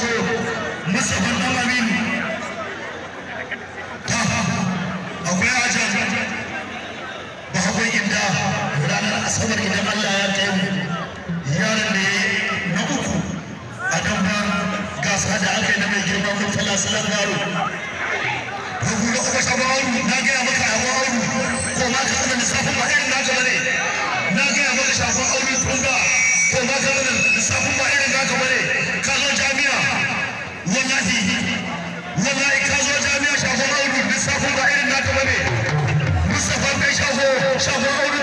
shago Mustapha Dan Aminu ta akwai ajar ba akwai inda ranar asabar idan Allah ya kai yaran da ya na uku a dan ba gasa da aka yi na mai girma mun tala salan garo ko kuma shago auru na gaya maka abu auru ko ma ka da lissafin ba na gaba ne of the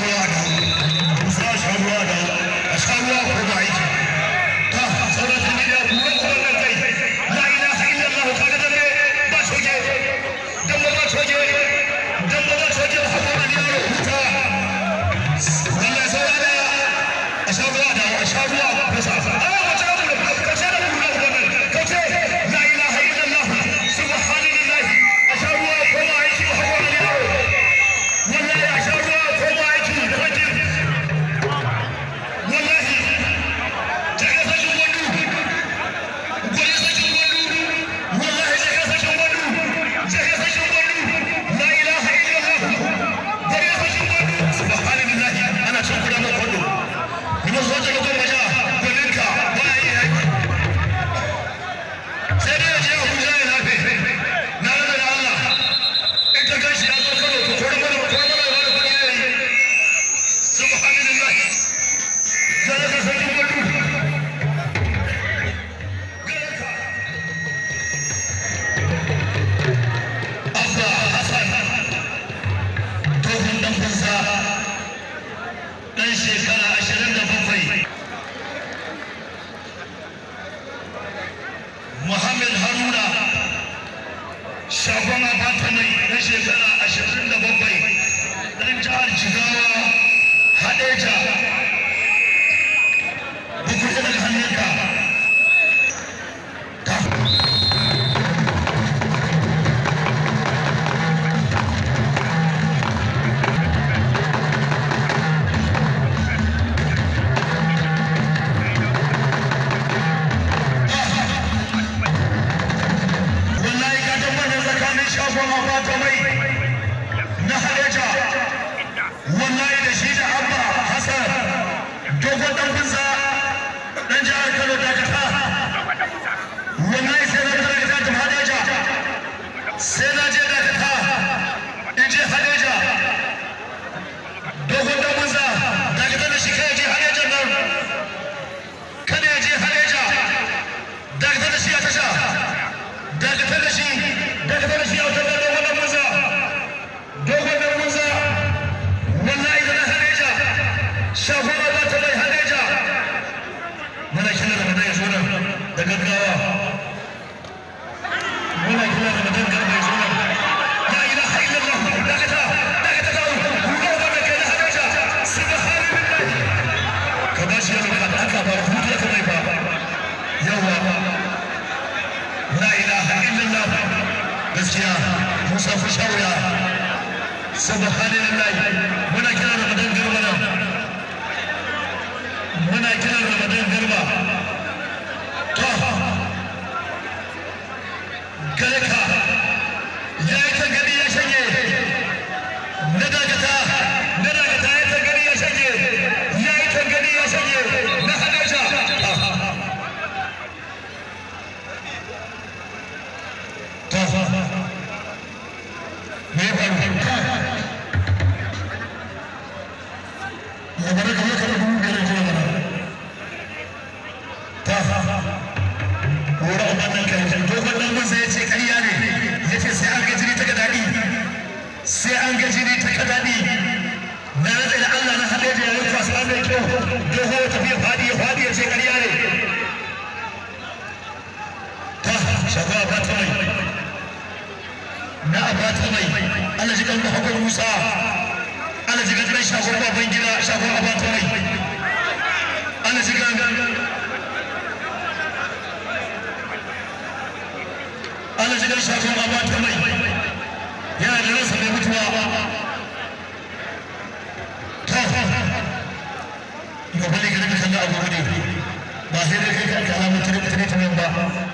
Bravo. shagon apartment na shekara ashirin da bakwai ɗan jihar jigawa haɗeja bukuku daga hannunka ya zo tafiya fadi mai Allah mai mai mutuwa abu ne ba sai dai kai ka kala mutum ba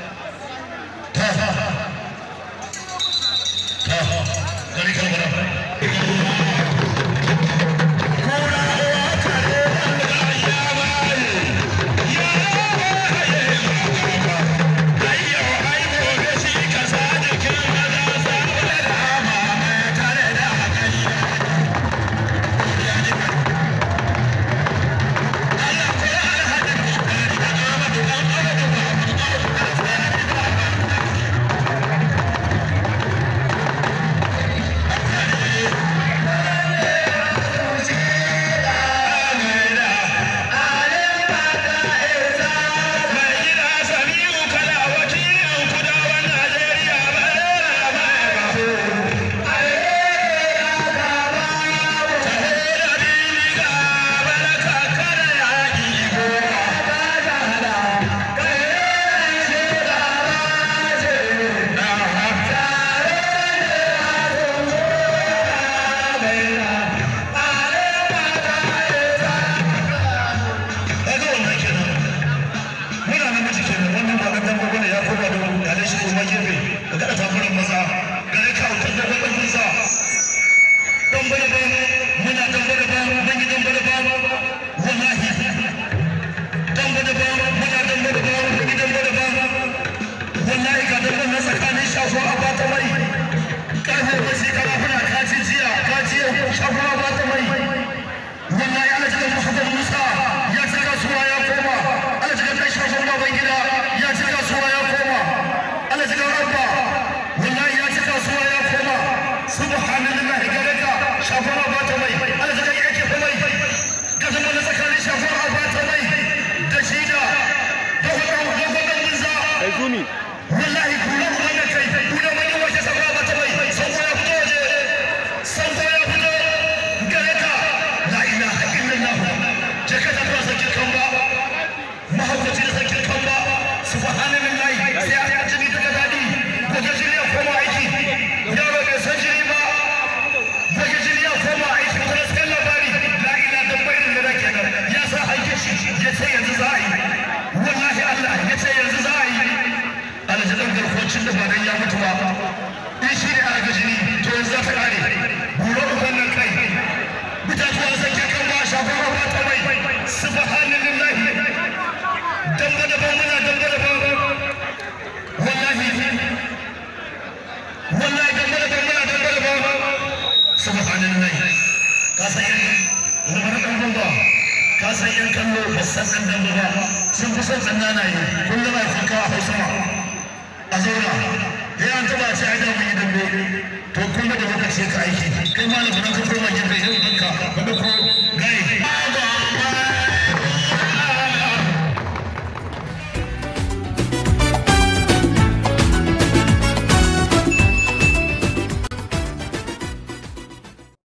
son tsanga na yi kun zama sun kawo hausa ma a zauna ya an taba ce ai da mun yi dambe to kun da muka ce ka aiki kai ma na ka koma gefe irin ɗinka wanda ko